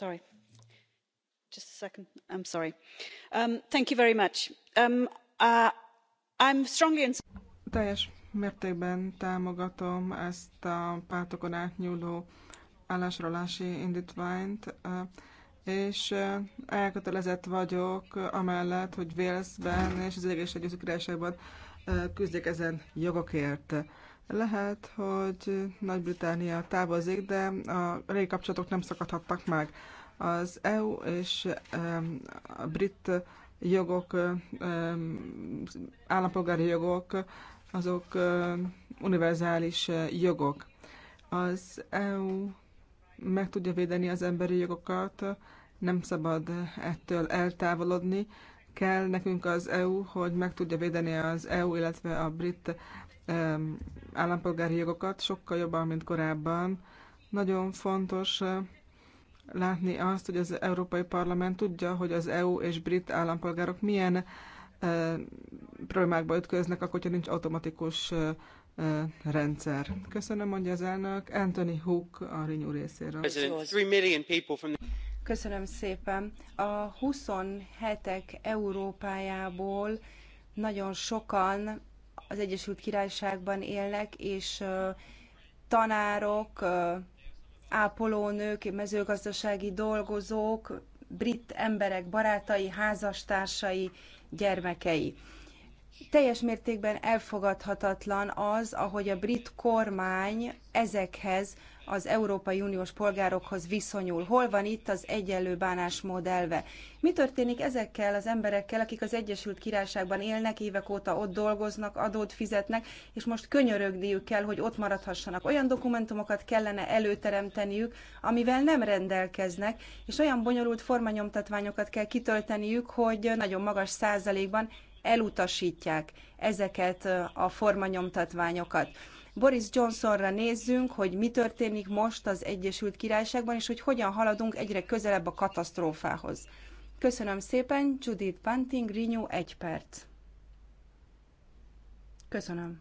Um, um, uh, teljes mértékben támogatom ezt a pártokon átnyúló állásrólási indtványt uh, és uh, elkötelezett vagyok amellett hogy walesben és az egészségügyi királyságban küzdjek ezen jogokért. Lehet, hogy Nagy-Britannia távozik, de a régi kapcsolatok nem szakadhattak meg. Az EU és a brit jogok, állampolgári jogok, azok univerzális jogok. Az EU meg tudja védeni az emberi jogokat, nem szabad ettől eltávolodni. Kell nekünk az EU, hogy meg tudja védeni az EU, illetve a brit állampolgári jogokat, sokkal jobban, mint korábban. Nagyon fontos eh, látni azt, hogy az Európai Parlament tudja, hogy az EU és brit állampolgárok milyen eh, problémákba ütköznek, akkor, hogyha nincs automatikus eh, rendszer. Köszönöm, mondja az elnök. Anthony Hook a Rinyú részéről. Köszönöm szépen. A 27-ek Európájából nagyon sokan az Egyesült Királyságban élnek, és tanárok, ápolónők, mezőgazdasági dolgozók, brit emberek barátai, házastársai, gyermekei. Teljes mértékben elfogadhatatlan az, ahogy a brit kormány ezekhez az Európai Uniós polgárokhoz viszonyul. Hol van itt az egyenlő bánásmód elve? Mi történik ezekkel az emberekkel, akik az Egyesült Királyságban élnek, évek óta ott dolgoznak, adót fizetnek, és most könyörögniük kell, hogy ott maradhassanak. Olyan dokumentumokat kellene előteremteniük, amivel nem rendelkeznek, és olyan bonyolult formanyomtatványokat kell kitölteniük, hogy nagyon magas százalékban elutasítják ezeket a formanyomtatványokat. Boris Johnsonra nézzünk, hogy mi történik most az Egyesült Királyságban, és hogy hogyan haladunk egyre közelebb a katasztrófához. Köszönöm szépen, Judith Bunting, Renew, egy perc. Köszönöm.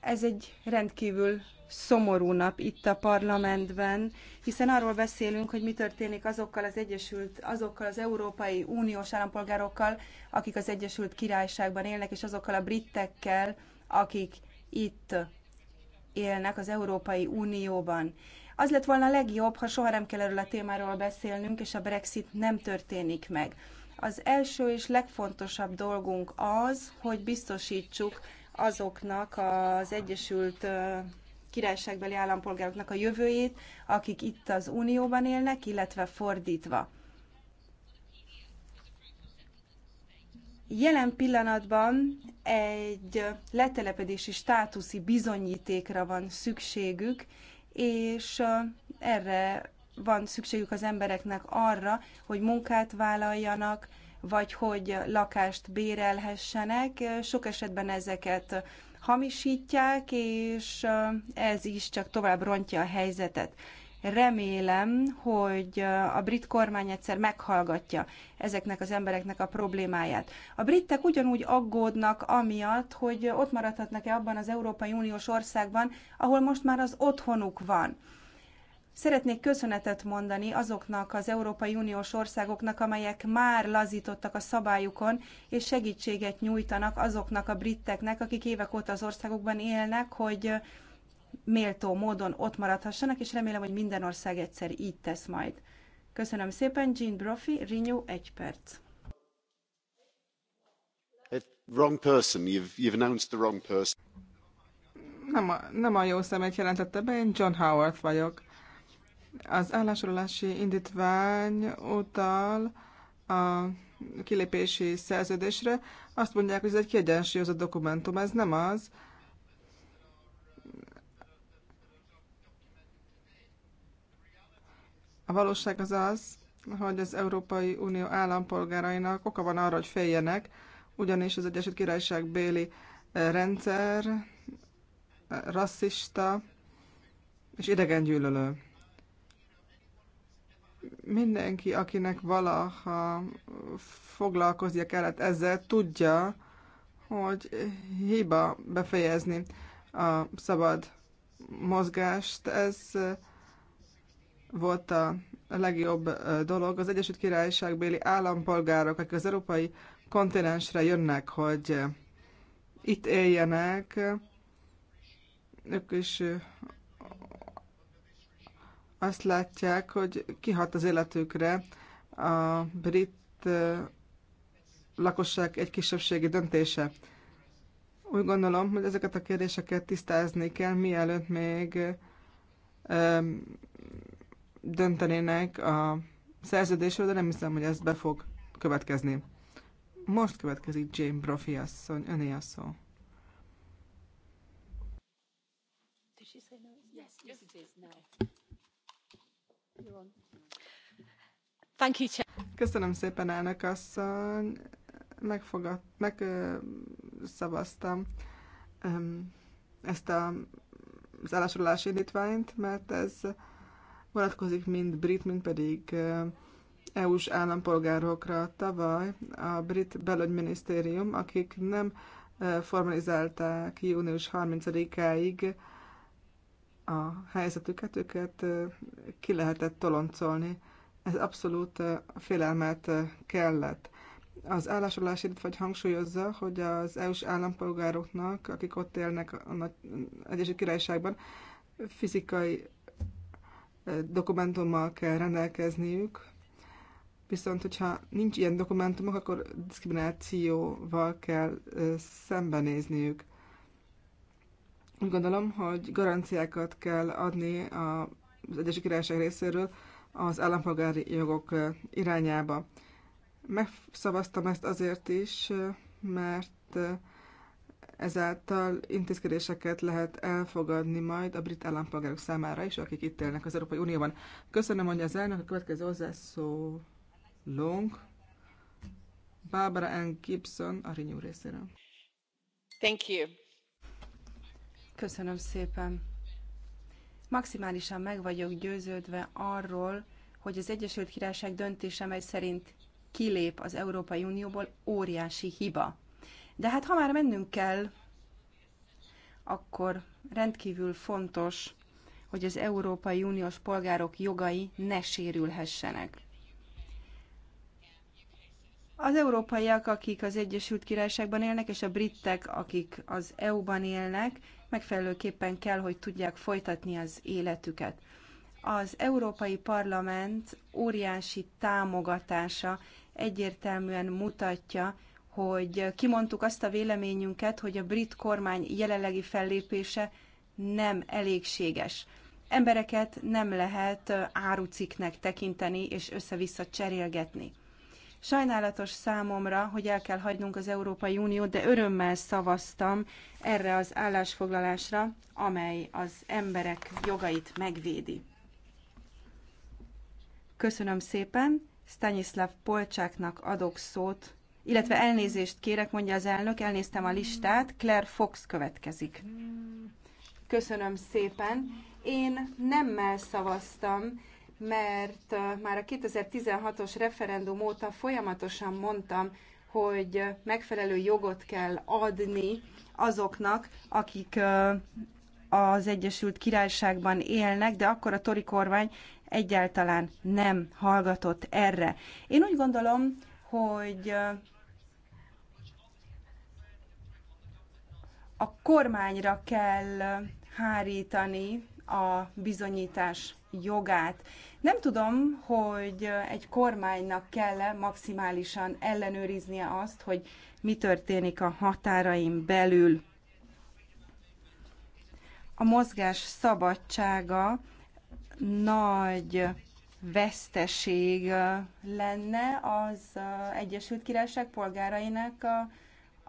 Ez egy rendkívül szomorú nap itt a parlamentben, hiszen arról beszélünk, hogy mi történik azokkal az Egyesült, azokkal az Európai Uniós állampolgárokkal, akik az Egyesült Királyságban élnek, és azokkal a britekkel, akik itt élnek az Európai Unióban. Az lett volna a legjobb, ha soha nem kell erről a témáról beszélnünk, és a Brexit nem történik meg. Az első és legfontosabb dolgunk az, hogy biztosítsuk azoknak az Egyesült királyságbeli állampolgároknak a jövőjét, akik itt az Unióban élnek, illetve fordítva. Jelen pillanatban egy letelepedési státuszi bizonyítékra van szükségük, és erre van szükségük az embereknek arra, hogy munkát vállaljanak, vagy hogy lakást bérelhessenek. Sok esetben ezeket hamisítják, és ez is csak tovább rontja a helyzetet. Remélem, hogy a brit kormány egyszer meghallgatja ezeknek az embereknek a problémáját. A britek ugyanúgy aggódnak amiatt, hogy ott maradhatnak-e abban az Európai Uniós országban, ahol most már az otthonuk van Szeretnék köszönetet mondani azoknak az Európai Uniós országoknak, amelyek már lazítottak a szabályukon, és segítséget nyújtanak azoknak a briteknek, akik évek óta az országokban élnek, hogy méltó módon ott maradhassanak, és remélem, hogy minden ország egyszer így tesz majd. Köszönöm szépen, Jean Brophy, Renew egy perc. Wrong person. You've, you've announced the wrong person. Nem a, nem a jó szemet jelentette be, én John Howard vagyok. Az állásolási indítvány utal a kilépési szerződésre. Azt mondják, hogy ez egy kiegyensúlyozott dokumentum, ez nem az. A valóság az az, hogy az Európai Unió állampolgárainak oka van arra, hogy féljenek, ugyanis az Egyesült Királyság béli eh, rendszer eh, rasszista és idegengyűlölő mindenki, akinek valaha foglalkoznia kellett ezzel, tudja, hogy hiba befejezni a szabad mozgást. Ez volt a legjobb dolog. Az Egyesült béli állampolgárok, akik az európai kontinensre jönnek, hogy itt éljenek, ők is azt látják, hogy kihat az életükre a brit lakosság egy kisebbségi döntése. Úgy gondolom, hogy ezeket a kérdéseket tisztázni kell, mielőtt még döntenének a szerződésről, de nem hiszem, hogy ez be fog következni. Most következik Jane Brophy asszony, öné a szó. Yes, yes, it is now. Köszönöm szépen, elnök asszony. Megfogad, megszavaztam ezt a, az állásolási indítványt, mert ez vonatkozik mind brit, mind pedig EU-s állampolgárokra. Tavaly a brit belügyminisztérium, akik nem formalizálták június 30-áig a helyzetüket, őket ki lehetett toloncolni. Ez abszolút félelmet kellett. Az állásolás vagy hangsúlyozza, hogy az EU-s állampolgároknak, akik ott élnek a Nagy Egyesült Királyságban, fizikai dokumentummal kell rendelkezniük, viszont hogyha nincs ilyen dokumentumok, akkor diszkriminációval kell szembenézniük. Úgy gondolom, hogy garanciákat kell adni az Egyesült Királyság részéről az állampolgári jogok irányába. Megszavaztam ezt azért is, mert ezáltal intézkedéseket lehet elfogadni majd a brit állampolgárok számára is, akik itt élnek az Európai Unióban. Köszönöm, hogy az elnök a következő hozzászólónk, Barbara Ann Gibson a Renew részéről. Thank you. Köszönöm szépen. Maximálisan meg vagyok győződve arról, hogy az Egyesült Királyság döntése, mely szerint kilép az Európai Unióból, óriási hiba. De hát ha már mennünk kell, akkor rendkívül fontos, hogy az Európai Uniós polgárok jogai ne sérülhessenek. Az európaiak, akik az Egyesült Királyságban élnek, és a britek, akik az EU-ban élnek, megfelelőképpen kell, hogy tudják folytatni az életüket. Az Európai Parlament óriási támogatása egyértelműen mutatja, hogy kimondtuk azt a véleményünket, hogy a brit kormány jelenlegi fellépése nem elégséges. Embereket nem lehet áruciknek tekinteni és össze-vissza cserélgetni. Sajnálatos számomra, hogy el kell hagynunk az Európai Uniót, de örömmel szavaztam erre az állásfoglalásra, amely az emberek jogait megvédi. Köszönöm szépen, Stanislav Polcsáknak adok szót, illetve elnézést kérek, mondja az elnök, elnéztem a listát, Claire Fox következik. Köszönöm szépen. Én nemmel szavaztam mert már a 2016-os referendum óta folyamatosan mondtam, hogy megfelelő jogot kell adni azoknak, akik az Egyesült Királyságban élnek, de akkor a tori kormány egyáltalán nem hallgatott erre. Én úgy gondolom, hogy a kormányra kell hárítani a bizonyítás jogát. Nem tudom, hogy egy kormánynak kell -e maximálisan ellenőriznie azt, hogy mi történik a határaim belül. A mozgás szabadsága nagy veszteség lenne az Egyesült Királyság polgárainak a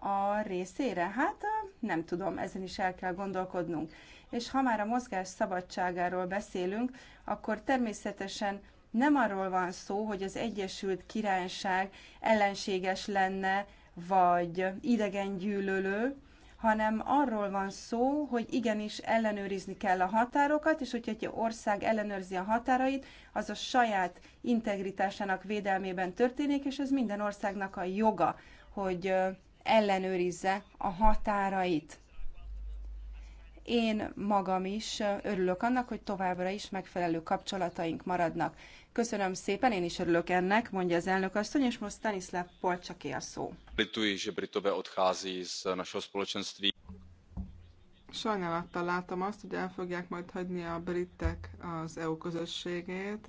a részére? Hát nem tudom, ezen is el kell gondolkodnunk. És ha már a mozgás szabadságáról beszélünk, akkor természetesen nem arról van szó, hogy az Egyesült Királyság ellenséges lenne, vagy idegen gyűlölő, hanem arról van szó, hogy igenis ellenőrizni kell a határokat, és hogyha egy ország ellenőrzi a határait, az a saját integritásának védelmében történik, és ez minden országnak a joga, hogy ellenőrizze a határait. Én magam is örülök annak, hogy továbbra is megfelelő kapcsolataink maradnak. Köszönöm szépen, én is örülök ennek, mondja az elnök asszony, és most Stanislav Polcsaké a szó. Sajnálattal látom azt, hogy el fogják majd hagyni a britek az EU közösségét.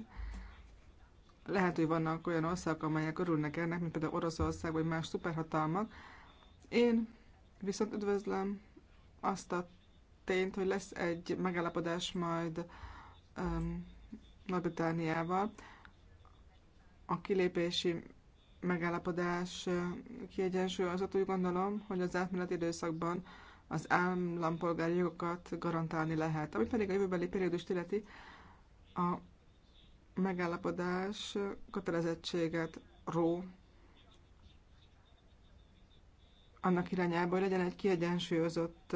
Lehet, hogy vannak olyan országok, amelyek örülnek ennek, mint például Oroszország vagy más szuperhatalmak, én viszont üdvözlöm azt a tényt, hogy lesz egy megállapodás majd um, Nagy-Britániával. A kilépési megállapodás kiegyensúlyozott, úgy gondolom, hogy az átmeneti időszakban az állampolgári jogokat garantálni lehet. Ami pedig a jövőbeli periódus illeti, a megállapodás kötelezettséget ró annak irányába, hogy legyen egy kiegyensúlyozott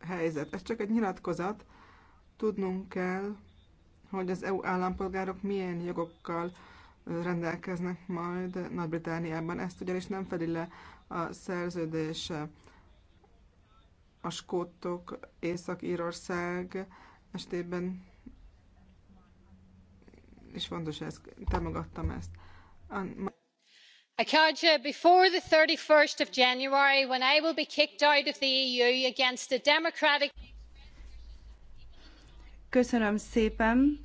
helyzet. Ez csak egy nyilatkozat. Tudnunk kell, hogy az EU állampolgárok milyen jogokkal rendelkeznek majd Nagy-Britániában. Ezt ugyanis nem fedi le a szerződés a skótok Észak-Írország estében és fontos ez, támogattam ezt before thirty one january when i will be kicked out of the eu against köszönöm szépen!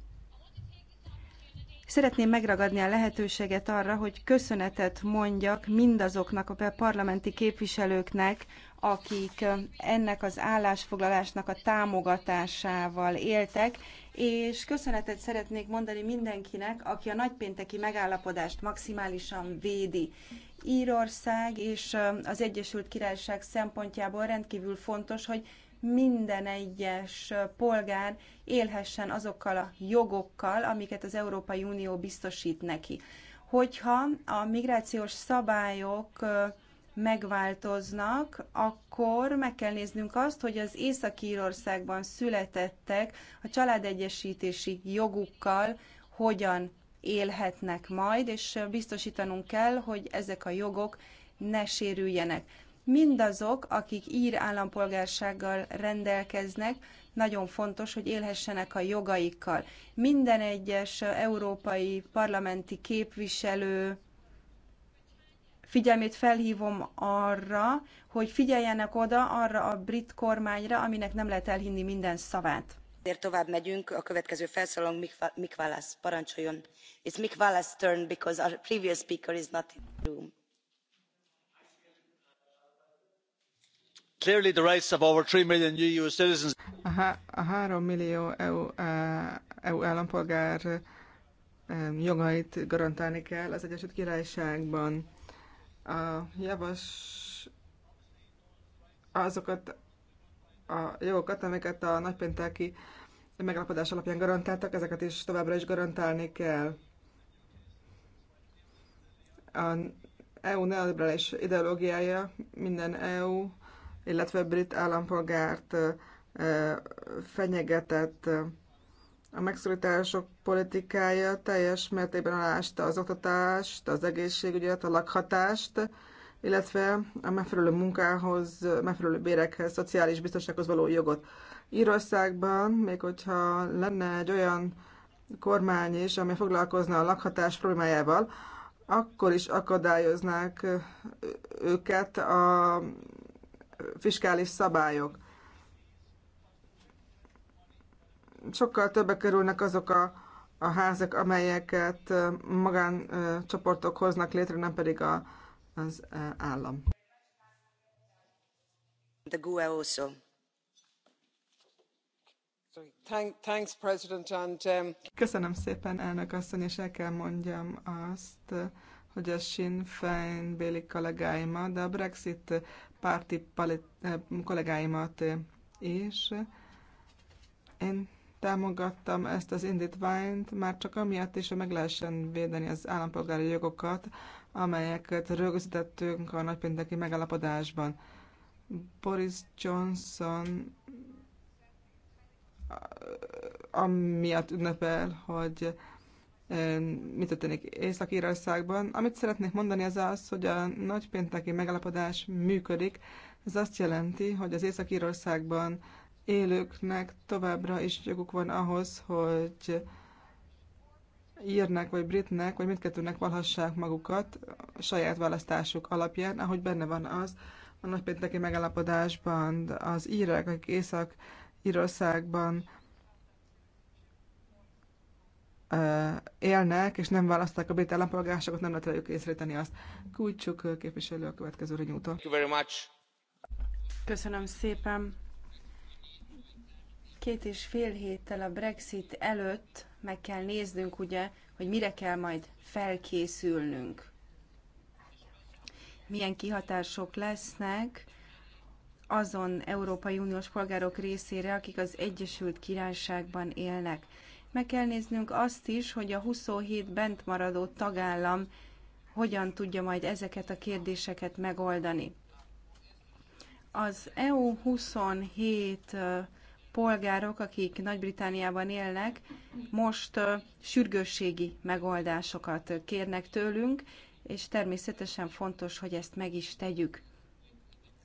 Szeretném megragadni a lehetőséget arra, hogy köszönetet mondjak mindazoknak a parlamenti képviselőknek, akik ennek az állásfoglalásnak a támogatásával éltek, és köszönetet szeretnék mondani mindenkinek, aki a nagypénteki megállapodást maximálisan védi. Írország és az Egyesült Királyság szempontjából rendkívül fontos, hogy minden egyes polgár élhessen azokkal a jogokkal, amiket az Európai Unió biztosít neki. Hogyha a migrációs szabályok megváltoznak, akkor meg kell néznünk azt, hogy az Észak-Írországban születettek a családegyesítési jogukkal hogyan élhetnek majd, és biztosítanunk kell, hogy ezek a jogok ne sérüljenek. Mindazok, akik ír állampolgársággal rendelkeznek, nagyon fontos, hogy élhessenek a jogaikkal. Minden egyes európai parlamenti képviselő, figyelmét felhívom arra, hogy figyeljenek oda arra a brit kormányra, aminek nem lehet elhinni minden szavát. Ezért tovább megyünk, a következő felszólalónk Mick Wallace, parancsoljon. It's Mick Wallace turn because our previous speaker is not in the room. Clearly the rights of over 3 million EU citizens. A, há- a 3 millió EU, EU állampolgár jogait garantálni kell az Egyesült Királyságban a javas azokat a jogokat, amiket a nagypénteki megállapodás alapján garantáltak, ezeket is továbbra is garantálni kell. A EU neoliberális ideológiája minden EU, illetve brit állampolgárt fenyegetett a megszorítások politikája teljes mértékben alásta az oktatást, az egészségügyet, a lakhatást, illetve a megfelelő munkához, megfelelő bérekhez, szociális biztonsághoz való jogot. Írországban, még hogyha lenne egy olyan kormány is, ami foglalkozna a lakhatás problémájával, akkor is akadályoznák őket a fiskális szabályok. sokkal többe kerülnek azok a, a házak, amelyeket magáncsoportok hoznak létre, nem pedig a, az állam. The GUE also. Um, Köszönöm szépen, elnök asszony, és el kell mondjam azt, hogy a Sinn Féin béli kollégáimat, de a Brexit párti eh, kollégáimat is. Én támogattam ezt az indítványt, már csak amiatt is, hogy meg lehessen védeni az állampolgári jogokat, amelyeket rögzítettünk a nagypénteki megállapodásban. Boris Johnson amiatt ünnepel, hogy e, mit történik Észak-Írországban. Amit szeretnék mondani az az, hogy a nagypénteki megállapodás működik. Ez azt jelenti, hogy az Észak-Írországban élőknek továbbra is joguk van ahhoz, hogy írnek, vagy britnek, vagy mindkettőnek valhassák magukat saját választásuk alapján, ahogy benne van az a nagypénteki megállapodásban, az írek, akik Észak-Írországban élnek, és nem választák a brit állampolgárságot, nem lehet rájuk észreíteni azt. Kulcsuk képviselő a következő úton. Köszönöm szépen. Két és fél héttel a Brexit előtt meg kell néznünk, ugye, hogy mire kell majd felkészülnünk. Milyen kihatások lesznek azon Európai Uniós polgárok részére, akik az Egyesült Királyságban élnek. Meg kell néznünk azt is, hogy a 27 bentmaradó tagállam hogyan tudja majd ezeket a kérdéseket megoldani. Az EU 27 polgárok, akik Nagy-Britániában élnek, most sürgősségi megoldásokat kérnek tőlünk, és természetesen fontos, hogy ezt meg is tegyük.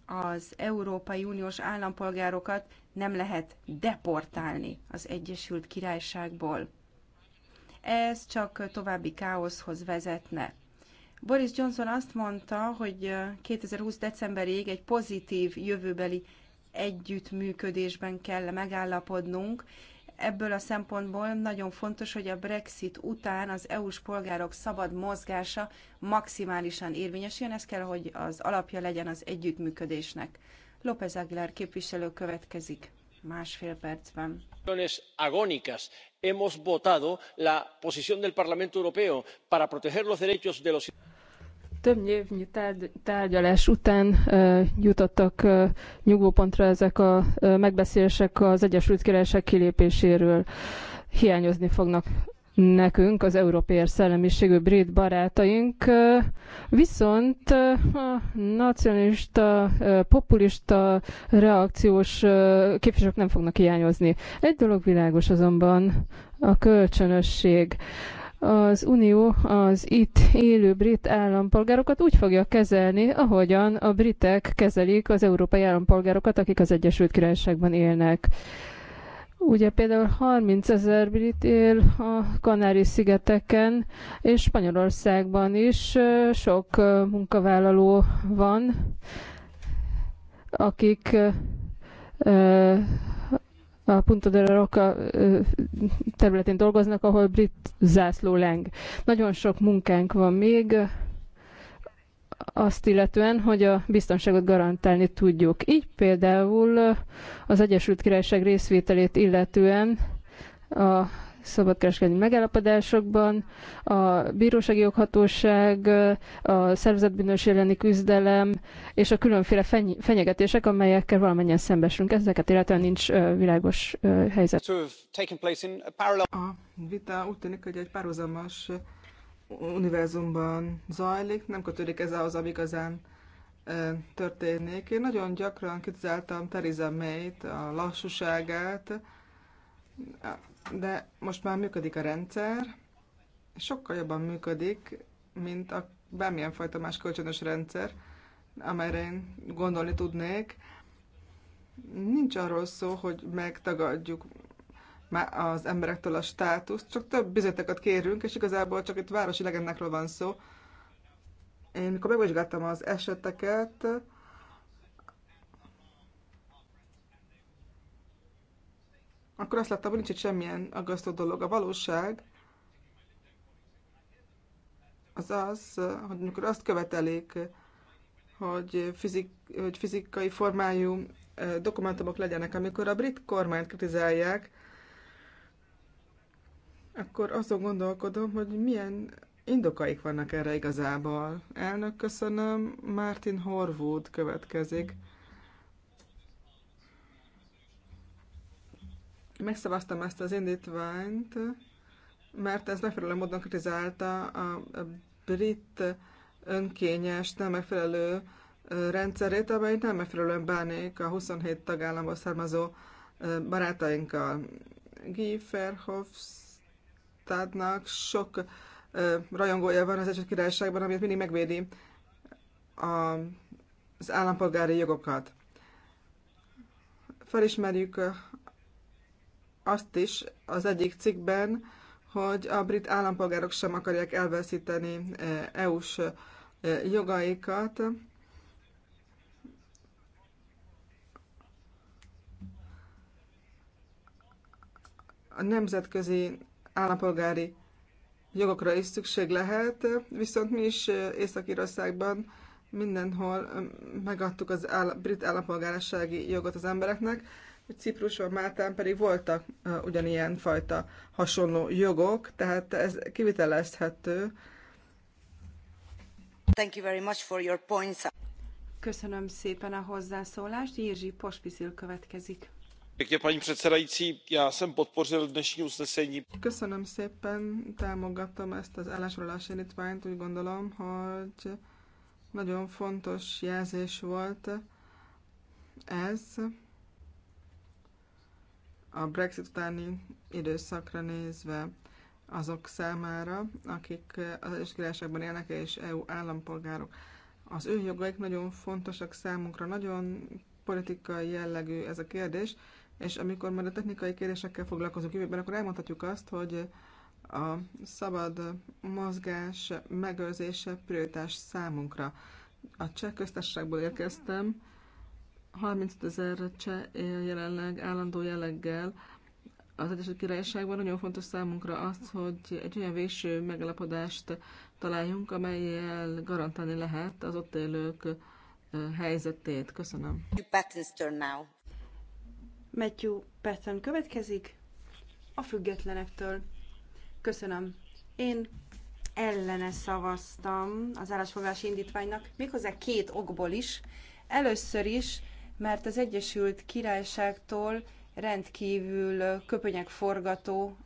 Az Európai Uniós állampolgárokat nem lehet deportálni az Egyesült Királyságból. Ez csak további káoszhoz vezetne. Boris Johnson azt mondta, hogy 2020. decemberig egy pozitív jövőbeli együttműködésben kell megállapodnunk. Ebből a szempontból nagyon fontos, hogy a Brexit után az EU-s polgárok szabad mozgása maximálisan érvényesüljön, ez kell, hogy az alapja legyen az együttműködésnek. López Aguilar képviselő következik másfél percben. Agónikas. hemos votado la posición del Parlamento Europeo para proteger los derechos de los több évnyi tárgyalás után jutottak nyugvópontra ezek a megbeszélések az Egyesült Királyság kilépéséről. Hiányozni fognak nekünk, az európai szellemiségű brit barátaink, viszont a nacionalista, populista, reakciós képviselők nem fognak hiányozni. Egy dolog világos azonban, a kölcsönösség az Unió az itt élő brit állampolgárokat úgy fogja kezelni, ahogyan a britek kezelik az európai állampolgárokat, akik az Egyesült Királyságban élnek. Ugye például 30 ezer brit él a Kanári-szigeteken, és Spanyolországban is sok munkavállaló van, akik a Punta de Roca területén dolgoznak, ahol brit zászló leng. Nagyon sok munkánk van még, azt illetően, hogy a biztonságot garantálni tudjuk. Így például az Egyesült Királyság részvételét illetően a szabadkereskedelmi megállapodásokban, a bírósági joghatóság, a szervezetbűnös elleni küzdelem és a különféle feny- fenyegetések, amelyekkel valamennyien szembesülünk. Ezeket illetően nincs világos helyzet. A vita úgy tűnik, hogy egy párhuzamos univerzumban zajlik, nem kötődik ez ahhoz, ami igazán történik. Én nagyon gyakran kritizáltam Theresa May-t, a lassúságát, de most már működik a rendszer, sokkal jobban működik, mint a bármilyen fajta más kölcsönös rendszer, amelyre én gondolni tudnék. Nincs arról szó, hogy megtagadjuk az emberektől a státuszt, csak több bizeteket kérünk, és igazából csak itt városi legendákról van szó. Én mikor megvizsgáltam az eseteket, akkor azt láttam, hogy nincs egy semmilyen aggasztó dolog. A valóság az az, hogy amikor azt követelik, hogy, fizik, hogy fizikai formájú dokumentumok legyenek, amikor a brit kormányt kritizálják, akkor azon gondolkodom, hogy milyen indokaik vannak erre igazából. Elnök, köszönöm. Martin Horwood következik. Mm. Megszavaztam ezt az indítványt, mert ez megfelelő módon kritizálta a brit önkényes, nem megfelelő rendszerét, amely nem megfelelően bánik a 27 tagállamból származó barátainkkal. Guy Verhofstadtnak sok rajongója van az Egyesült Királyságban, amit mindig megvédi a, az állampolgári jogokat. Felismerjük azt is az egyik cikkben, hogy a brit állampolgárok sem akarják elveszíteni eh, EU-s eh, jogaikat. A nemzetközi állampolgári jogokra is szükség lehet, viszont mi is eh, Észak-Írországban mindenhol megadtuk az áll- brit állampolgársági jogot az embereknek, Cipruson, Máltán pedig voltak ugyanilyen fajta hasonló jogok, tehát ez kivitelezhető. Thank you very much for your points. Köszönöm szépen a hozzászólást. Jiří Pospisil következik. Köszönöm szépen, támogatom ezt az állásfoglalási indítványt. Úgy gondolom, hogy nagyon fontos jelzés volt ez a Brexit utáni időszakra nézve azok számára, akik az egyes Királyságban élnek és EU állampolgárok. Az ő jogaik nagyon fontosak számunkra, nagyon politikai jellegű ez a kérdés, és amikor majd a technikai kérdésekkel foglalkozunk jövőben, akkor elmondhatjuk azt, hogy a szabad mozgás megőrzése prioritás számunkra. A cseh köztársaságból érkeztem, 35 ezer cseh él jelenleg állandó jelleggel az Egyesült Királyságban. Nagyon fontos számunkra az, hogy egy olyan végső megalapodást találjunk, amelyel garantálni lehet az ott élők helyzetét. Köszönöm. Matthew Patton következik a függetlenektől. Köszönöm. Én ellene szavaztam az állásfoglalási indítványnak, méghozzá két okból is. Először is mert az Egyesült Királyságtól rendkívül köpönyek forgató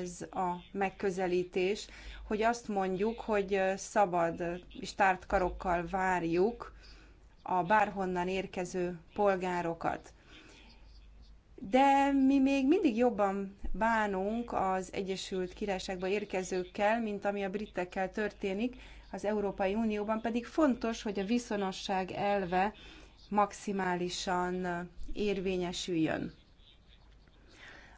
ez a megközelítés, hogy azt mondjuk, hogy szabad és tárt karokkal várjuk a bárhonnan érkező polgárokat. De mi még mindig jobban bánunk az Egyesült Királyságba érkezőkkel, mint ami a britekkel történik, az Európai Unióban pedig fontos, hogy a viszonosság elve maximálisan érvényesüljön.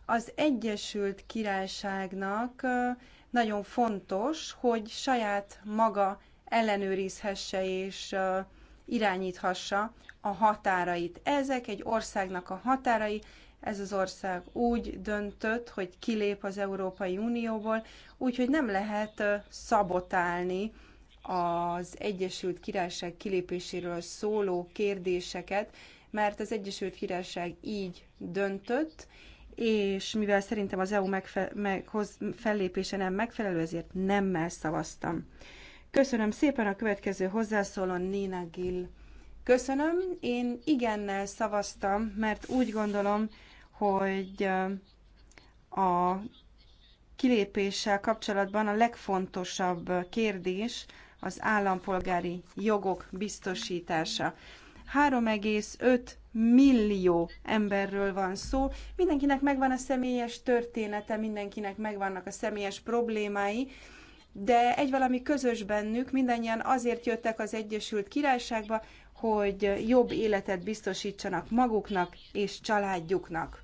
Az Egyesült Királyságnak nagyon fontos, hogy saját maga ellenőrizhesse és irányíthassa a határait. Ezek egy országnak a határai, ez az ország úgy döntött, hogy kilép az Európai Unióból, úgyhogy nem lehet szabotálni az Egyesült Királyság kilépéséről szóló kérdéseket, mert az Egyesült Királyság így döntött, és mivel szerintem az EU megfe- meghoz- fellépése nem megfelelő, ezért nemmel szavaztam. Köszönöm szépen a következő hozzászóló Nina Gill. Köszönöm, én igennel szavaztam, mert úgy gondolom, hogy a kilépéssel kapcsolatban a legfontosabb kérdés az állampolgári jogok biztosítása. 3,5 millió emberről van szó. Mindenkinek megvan a személyes története, mindenkinek megvannak a személyes problémái, de egy valami közös bennük, mindannyian azért jöttek az Egyesült Királyságba, hogy jobb életet biztosítsanak maguknak és családjuknak.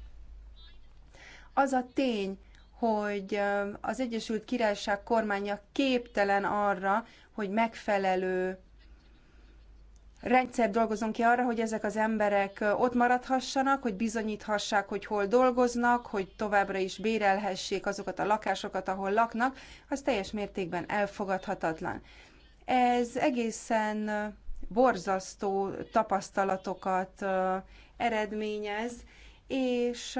Az a tény, hogy az Egyesült Királyság kormánya képtelen arra, hogy megfelelő rendszer dolgozunk ki arra, hogy ezek az emberek ott maradhassanak, hogy bizonyíthassák, hogy hol dolgoznak, hogy továbbra is bérelhessék azokat a lakásokat, ahol laknak, az teljes mértékben elfogadhatatlan. Ez egészen borzasztó tapasztalatokat eredményez, és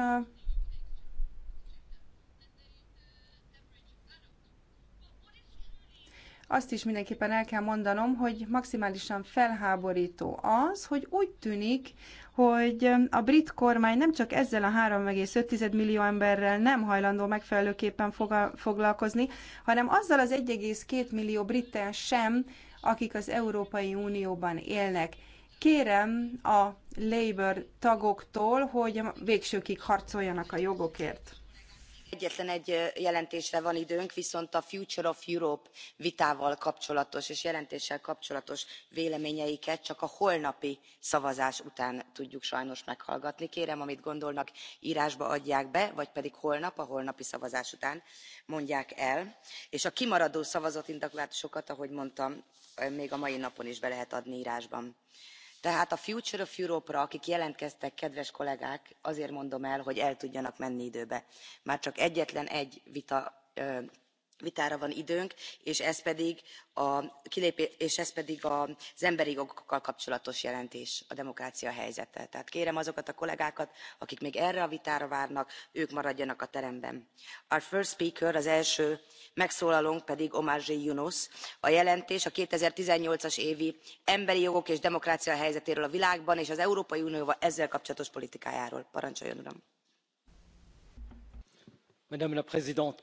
azt is mindenképpen el kell mondanom, hogy maximálisan felháborító az, hogy úgy tűnik, hogy a brit kormány nem csak ezzel a 3,5 millió emberrel nem hajlandó megfelelőképpen foglalkozni, hanem azzal az 1,2 millió brittel sem, akik az Európai Unióban élnek. Kérem a Labour tagoktól, hogy végsőkig harcoljanak a jogokért. Egyetlen egy jelentésre van időnk viszont a future of europe vitával kapcsolatos és jelentéssel kapcsolatos véleményeiket csak a holnapi szavazás után tudjuk sajnos meghallgatni. kérem amit gondolnak rásba adják be vagy pedig holnap a holnapi szavazás után mondják el és a kimaradó szavazatindokolásokat ahogy mondtam még a mai napon is be lehet adni rásban tehát a future of europe ra akik jelentkeztek kedves kollégák azért mondom el hogy el tudjanak menni időben. már csak egyetlen egy vita vitára van időnk és ez pedig, a, és ez pedig az emberi jogokkal kapcsolatos jelentés a demokrácia helyzete. Tehát kérem azokat a kollégákat, akik még erre a vitára várnak, ők maradjanak a teremben. Our first speaker, az első megszólalónk pedig J. Yunus. A jelentés a 2018-as évi emberi jogok és demokrácia helyzetéről a világban és az Európai Unióval ezzel kapcsolatos politikájáról. Parancsoljon, uram!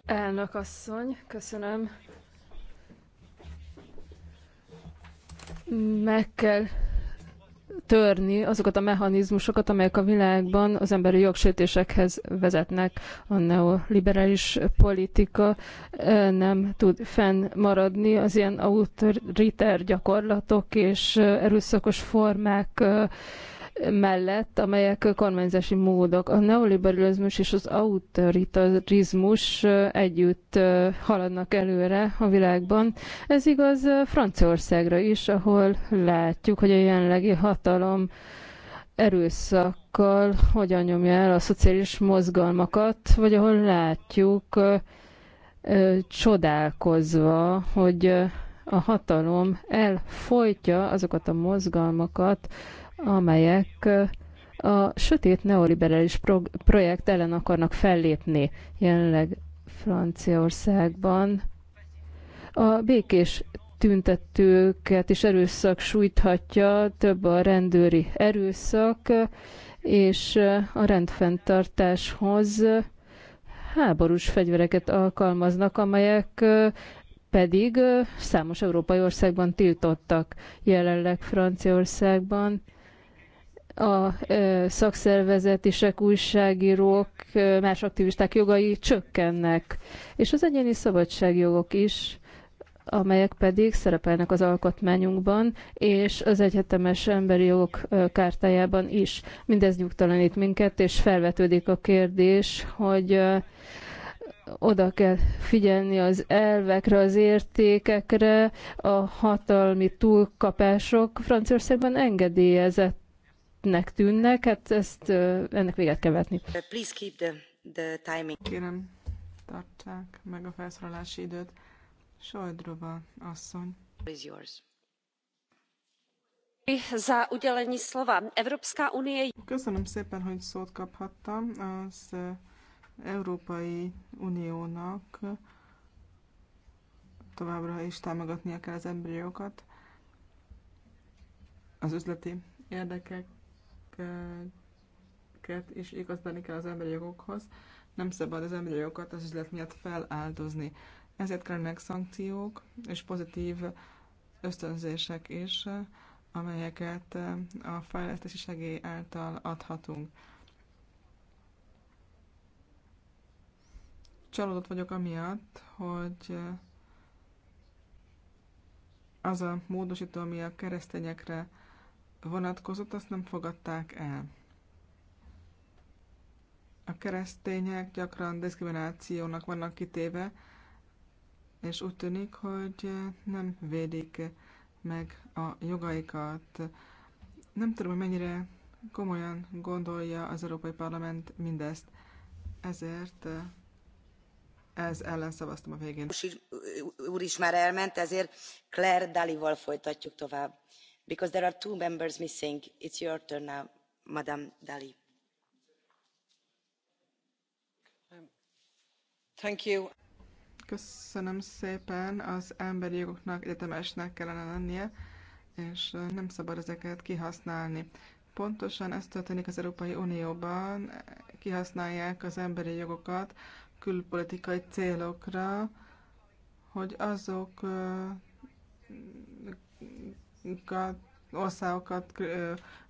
Elnök asszony, köszönöm. Meg kell törni azokat a mechanizmusokat, amelyek a világban az emberi jogsértésekhez vezetnek. A neoliberális politika nem tud fennmaradni az ilyen autoriter gyakorlatok és erőszakos formák mellett, amelyek kormányzási módok. A neoliberalizmus és az autoritarizmus együtt haladnak előre a világban. Ez igaz Franciaországra is, ahol látjuk, hogy a jelenlegi hatalom erőszakkal hogyan nyomja el a szociális mozgalmakat, vagy ahol látjuk csodálkozva, hogy a hatalom elfolytja azokat a mozgalmakat, amelyek a sötét neoliberális projekt ellen akarnak fellépni. Jelenleg Franciaországban a békés tüntetőket is erőszak sújthatja, több a rendőri erőszak, és a rendfenntartáshoz háborús fegyvereket alkalmaznak, amelyek pedig számos európai országban tiltottak jelenleg Franciaországban a szakszervezetisek, újságírók, más aktivisták jogai csökkennek, és az egyéni szabadságjogok is, amelyek pedig szerepelnek az alkotmányunkban és az egyetemes emberi jogok kártájában is. Mindez nyugtalanít minket, és felvetődik a kérdés, hogy oda kell figyelni az elvekre, az értékekre, a hatalmi túlkapások Franciaországban engedélyezett esetnek tűnnek, hát ezt, ennek véget kell vetni. Please keep the, the timing. Kérem, tartsák meg a felszólalási időt. Sojdrova asszony. Is yours. Za udělení slova. Evropská unie... Köszönöm szépen, hogy szót kaphattam. Az Európai Uniónak továbbra is támogatnia kell az embriókat az üzleti érdekek értékeket és igazdani kell az emberi jogokhoz. Nem szabad az emberi jogokat az üzlet miatt feláldozni. Ezért kellenek szankciók és pozitív ösztönzések is, amelyeket a fejlesztési segély által adhatunk. Csalódott vagyok amiatt, hogy az a módosító, ami a keresztényekre vonatkozott, azt nem fogadták el. A keresztények gyakran diszkriminációnak vannak kitéve, és úgy tűnik, hogy nem védik meg a jogaikat. Nem tudom, hogy mennyire komolyan gondolja az Európai Parlament mindezt. Ezért ez ellen szavaztam a végén. Úr is már elment, ezért Claire Dalival folytatjuk tovább because there are two members missing. it's your turn now madam dalli. Um, Köszönöm szépen. Az emberi jogoknak egyetemesnek kellene lennie, és nem szabad ezeket kihasználni. Pontosan ez történik az Európai Unióban, kihasználják az emberi jogokat külpolitikai célokra, hogy azok országokat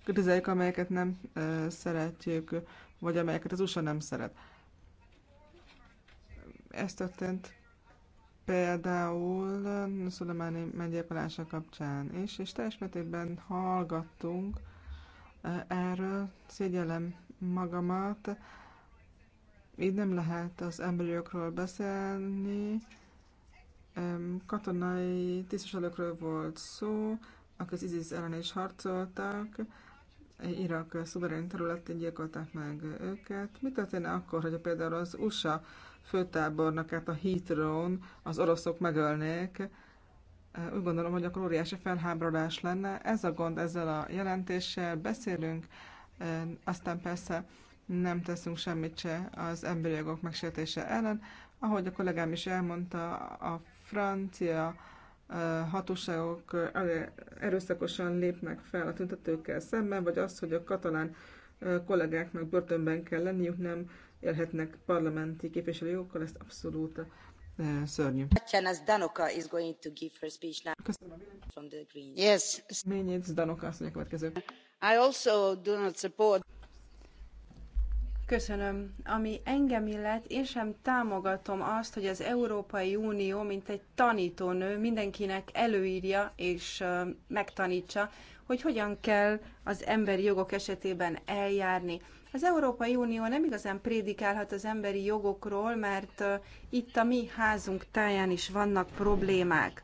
kritizáljuk, amelyeket nem szeretjük, vagy amelyeket az USA nem szeret. Ez történt például Szulemáni meggyilkolása kapcsán is, és teljes mértékben hallgattunk erről, szégyellem magamat, így nem lehet az emberiokról beszélni, katonai tisztviselőkről volt szó, akik az ISIS ellen is harcoltak, Irak szuverén területén gyilkolták meg őket. Mi történne akkor, hogy például az USA főtábornokát a heathrow az oroszok megölnék? Úgy gondolom, hogy akkor óriási felháborodás lenne. Ez a gond ezzel a jelentéssel. Beszélünk, aztán persze nem teszünk semmit se az emberi jogok megsértése ellen. Ahogy a kollégám is elmondta, a francia hatóságok erőszakosan lépnek fel a tüntetőkkel szemben, vagy az, hogy a katalán kollégáknak börtönben kell lenniük, nem élhetnek parlamenti képviselőjogokkal, ezt abszolút szörnyű. Köszönöm. Yes. Ményét Danoka asszony a következő. I also do not support Köszönöm. Ami engem illet, én sem támogatom azt, hogy az Európai Unió, mint egy tanítónő, mindenkinek előírja és megtanítsa, hogy hogyan kell az emberi jogok esetében eljárni. Az Európai Unió nem igazán prédikálhat az emberi jogokról, mert itt a mi házunk táján is vannak problémák.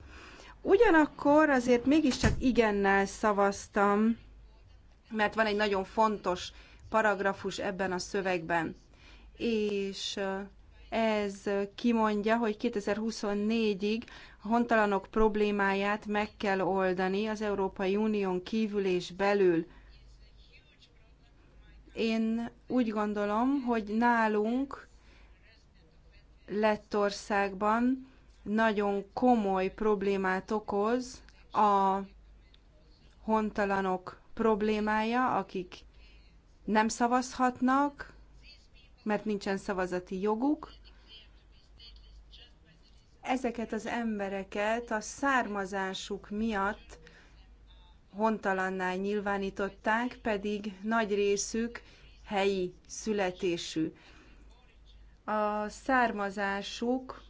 Ugyanakkor azért mégiscsak igennel szavaztam, mert van egy nagyon fontos paragrafus ebben a szövegben. És ez kimondja, hogy 2024-ig a hontalanok problémáját meg kell oldani az Európai Unión kívül és belül. Én úgy gondolom, hogy nálunk Lettországban nagyon komoly problémát okoz a hontalanok problémája, akik nem szavazhatnak, mert nincsen szavazati joguk. Ezeket az embereket a származásuk miatt hontalanná nyilvánították, pedig nagy részük helyi születésű. A származásuk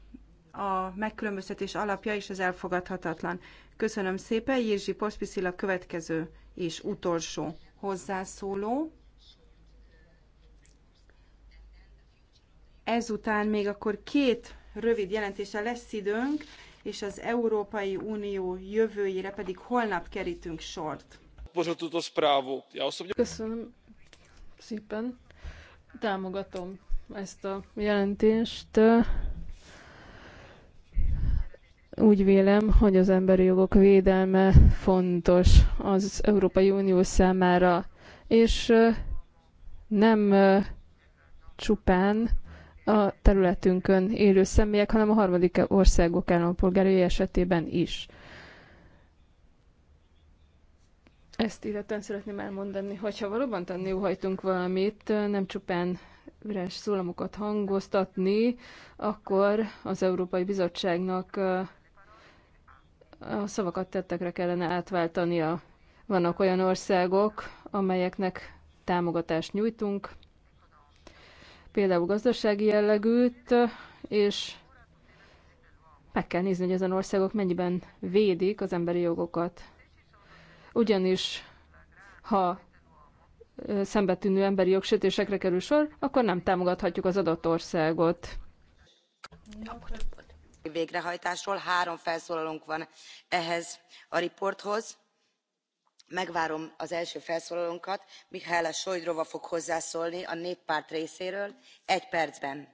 a megkülönböztetés alapja és az elfogadhatatlan. Köszönöm szépen, Jézsi Pospiszil a következő és utolsó hozzászóló. Ezután még akkor két rövid jelentése lesz időnk, és az Európai Unió jövőjére pedig holnap kerítünk sort. Köszönöm szépen. Támogatom ezt a jelentést. Úgy vélem, hogy az emberi jogok védelme fontos az Európai Unió számára, és nem csupán a területünkön élő személyek, hanem a harmadik országok állampolgárai esetében is. Ezt illetően szeretném elmondani, hogyha valóban tenni hajtunk valamit, nem csupán üres szólamokat hangoztatni, akkor az Európai Bizottságnak a szavakat tettekre kellene átváltania. Vannak olyan országok, amelyeknek támogatást nyújtunk, például gazdasági jellegűt, és meg kell nézni, hogy ezen országok mennyiben védik az emberi jogokat. Ugyanis, ha szembetűnő emberi jogsértésekre kerül sor, akkor nem támogathatjuk az adott országot. Végrehajtásról három felszólalónk van ehhez a riporthoz megvárom az első felszólalónkat mihaela sojdrova fog hozzászólni a néppárt részéről egy percben.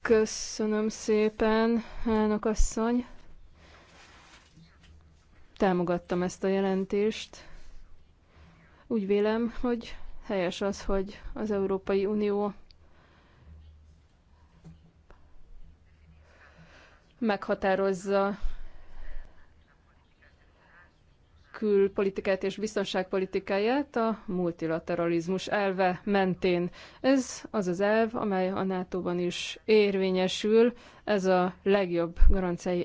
köszönöm szépen elnök asszony támogattam ezt a jelentést úgy vélem hogy helyes az hogy az európai unió meghatározza külpolitikát és biztonságpolitikáját a multilateralizmus elve mentén. Ez az az elv, amely a NATO-ban is érvényesül, ez a legjobb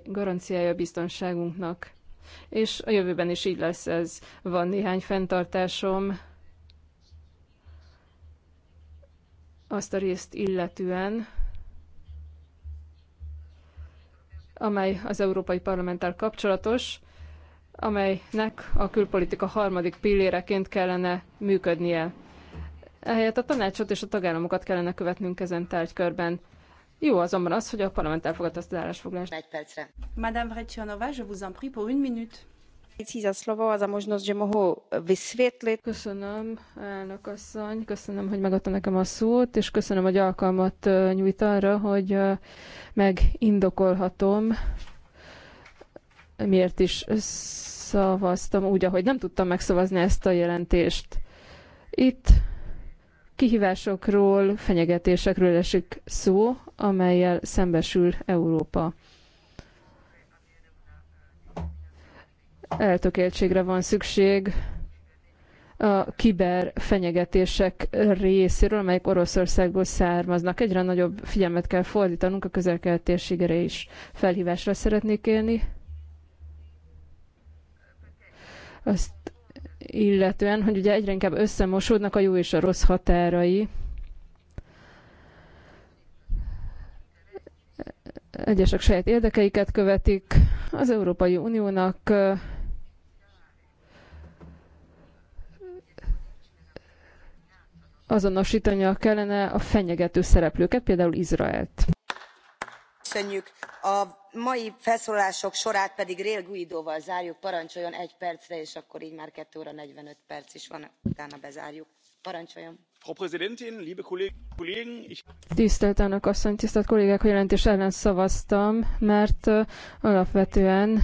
garanciája biztonságunknak. És a jövőben is így lesz ez. Van néhány fenntartásom azt a részt illetően, amely az Európai Parlamenttel kapcsolatos, amelynek a külpolitika harmadik pilléreként kellene működnie. Ehelyett a tanácsot és a tagállamokat kellene követnünk ezen tárgykörben. Jó azonban az, hogy a parlament elfogadta ezt az állásfoglalást. Egy percre. Madame Vrecsionova, je vous en prie pour une minute za slovo a za možnost, že mohu vysvětlit. Köszönöm, elnök asszony, köszönöm, hogy megadta nekem a szót, és köszönöm, hogy alkalmat nyújt arra, hogy megindokolhatom, miért is szavaztam úgy, ahogy nem tudtam megszavazni ezt a jelentést. Itt kihívásokról, fenyegetésekről esik szó, amelyel szembesül Európa. eltökéltségre van szükség a kiber fenyegetések részéről, amelyek Oroszországból származnak. Egyre nagyobb figyelmet kell fordítanunk a közel-kelet is. Felhívásra szeretnék élni. Azt illetően, hogy ugye egyre inkább összemosódnak a jó és a rossz határai. Egyesek saját érdekeiket követik. Az Európai Uniónak azonosítania kellene a fenyegető szereplőket, például Izraelt. Köszönjük. A mai felszólalások sorát pedig Rél Guidóval zárjuk. Parancsoljon egy percre, és akkor így már 2 óra 45 perc is van, utána bezárjuk. Parancsoljon. Frau Präsidentin, liebe Kolleginnen und Kollegen! Tisztelt elnök asszony, tisztelt kollégák, a jelentés ellen szavaztam, mert alapvetően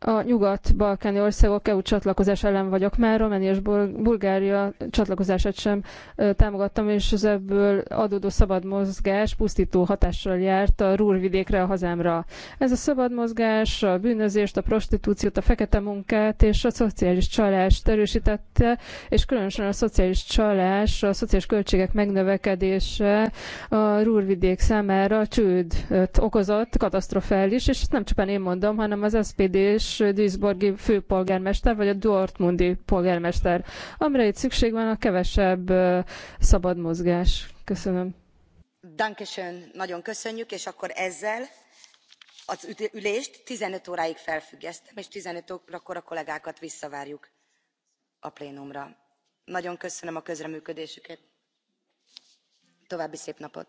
a nyugat-balkáni országok EU csatlakozás ellen vagyok már, Románia és Bulgária csatlakozását sem támogattam, és az ebből adódó szabad mozgás pusztító hatással járt a Rúrvidékre, a hazámra. Ez a szabad mozgás a bűnözést, a prostitúciót, a fekete munkát és a szociális csalást erősítette, és különösen a szociális csalás, a szociális költségek megnövekedése a Rúrvidék számára csődöt okozott, katasztrofális, és nem csupán én mondom, hanem az SPD és és Duisburgi főpolgármester, vagy a Dortmundi polgármester. Amire itt szükség van, a kevesebb szabad mozgás. Köszönöm. Dankeschön, nagyon köszönjük, és akkor ezzel az ülést 15 óráig felfüggesztem, és 15 órakor a kollégákat visszavárjuk a plénumra. Nagyon köszönöm a közreműködésüket. További szép napot!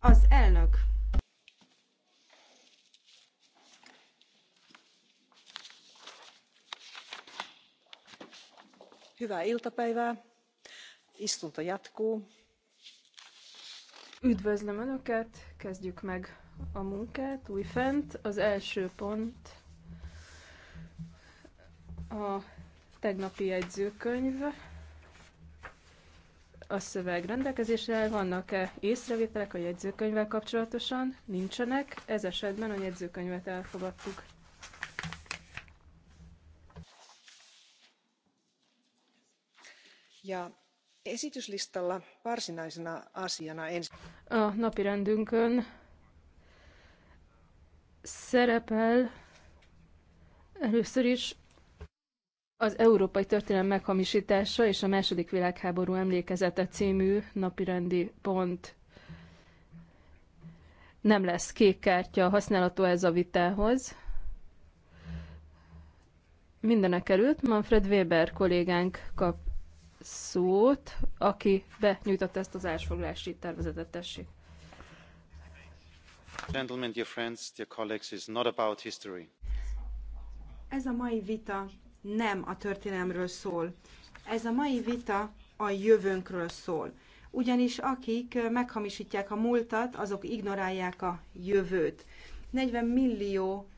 Az elnök. Hyvää iltapäivää. Istunto jatkuu. Üdvözlöm Önöket, kezdjük meg a munkát újfent. Az első pont a tegnapi jegyzőkönyv a szöveg rendelkezésre, vannak-e észrevételek a jegyzőkönyvvel kapcsolatosan? Nincsenek, ez esetben a jegyzőkönyvet elfogadtuk. Ja esityslistalla varsinaisena asiana ensi... A napirendünkön szerepel először is az Európai Történelem meghamisítása és a második világháború emlékezete című napirendi pont nem lesz kék kártya használható ez a vitához. Mindenek előtt Manfred Weber kollégánk kap szót, aki benyújtott ezt az ásfoglalási tervezetet, tessék. Gentlemen, dear friends, dear colleagues, is not about history. Ez a mai vita nem a történelmről szól. Ez a mai vita a jövőnkről szól. Ugyanis akik meghamisítják a múltat, azok ignorálják a jövőt. 40 millió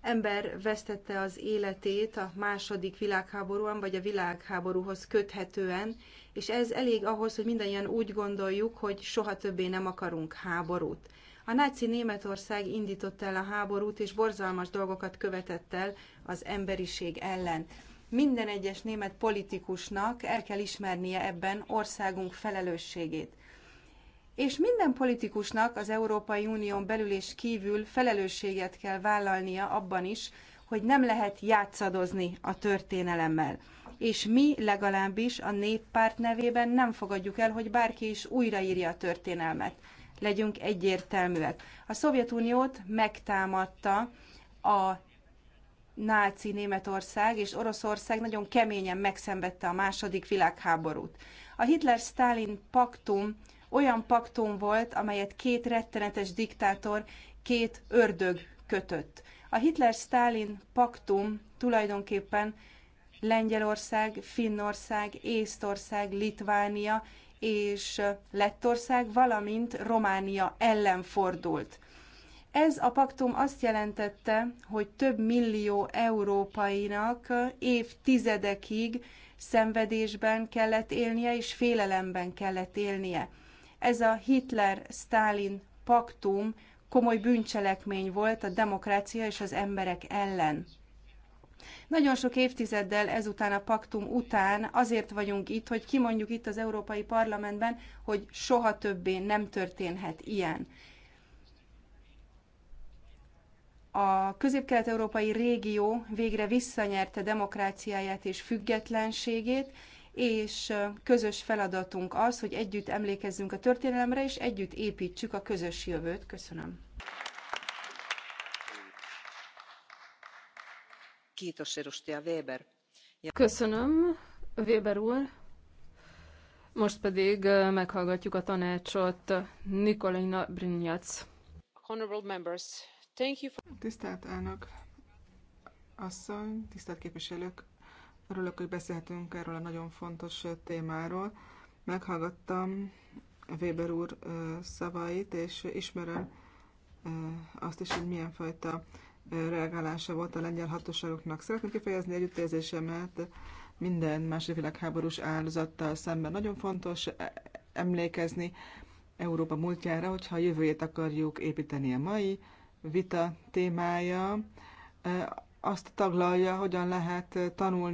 ember vesztette az életét a második világháborúban, vagy a világháborúhoz köthetően, és ez elég ahhoz, hogy mindannyian úgy gondoljuk, hogy soha többé nem akarunk háborút. A náci Németország indított el a háborút, és borzalmas dolgokat követett el az emberiség ellen. Minden egyes német politikusnak el kell ismernie ebben országunk felelősségét. És minden politikusnak az Európai Unión belül és kívül felelősséget kell vállalnia abban is, hogy nem lehet játszadozni a történelemmel. És mi legalábbis a néppárt nevében nem fogadjuk el, hogy bárki is újraírja a történelmet legyünk egyértelműek. A Szovjetuniót megtámadta a náci Németország és Oroszország nagyon keményen megszenvedte a második világháborút. A Hitler-Stalin paktum olyan paktum volt, amelyet két rettenetes diktátor, két ördög kötött. A Hitler-Stalin paktum tulajdonképpen Lengyelország, Finnország, Észtország, Litvánia és Lettország, valamint Románia ellen fordult. Ez a paktum azt jelentette, hogy több millió európainak évtizedekig szenvedésben kellett élnie, és félelemben kellett élnie. Ez a Hitler-Stalin paktum komoly bűncselekmény volt a demokrácia és az emberek ellen. Nagyon sok évtizeddel ezután a paktum után azért vagyunk itt, hogy kimondjuk itt az Európai Parlamentben, hogy soha többé nem történhet ilyen. A közép-kelet-európai régió végre visszanyerte demokráciáját és függetlenségét, és közös feladatunk az, hogy együtt emlékezzünk a történelemre, és együtt építsük a közös jövőt. Köszönöm. Köszönöm, Weber úr. Most pedig meghallgatjuk a tanácsot Nikolina Brinyac. Tisztelt elnök asszony, tisztelt képviselők, örülök, hogy beszélhetünk erről a nagyon fontos témáról. Meghallgattam Weber úr szavait, és ismerem azt is, hogy milyen fajta reagálása volt a lengyel hatóságoknak. Szeretném kifejezni együttérzésemet minden második világháborús áldozattal szemben. Nagyon fontos e- emlékezni Európa múltjára, hogyha a jövőjét akarjuk építeni a mai vita témája, e, azt taglalja, hogyan lehet tanulni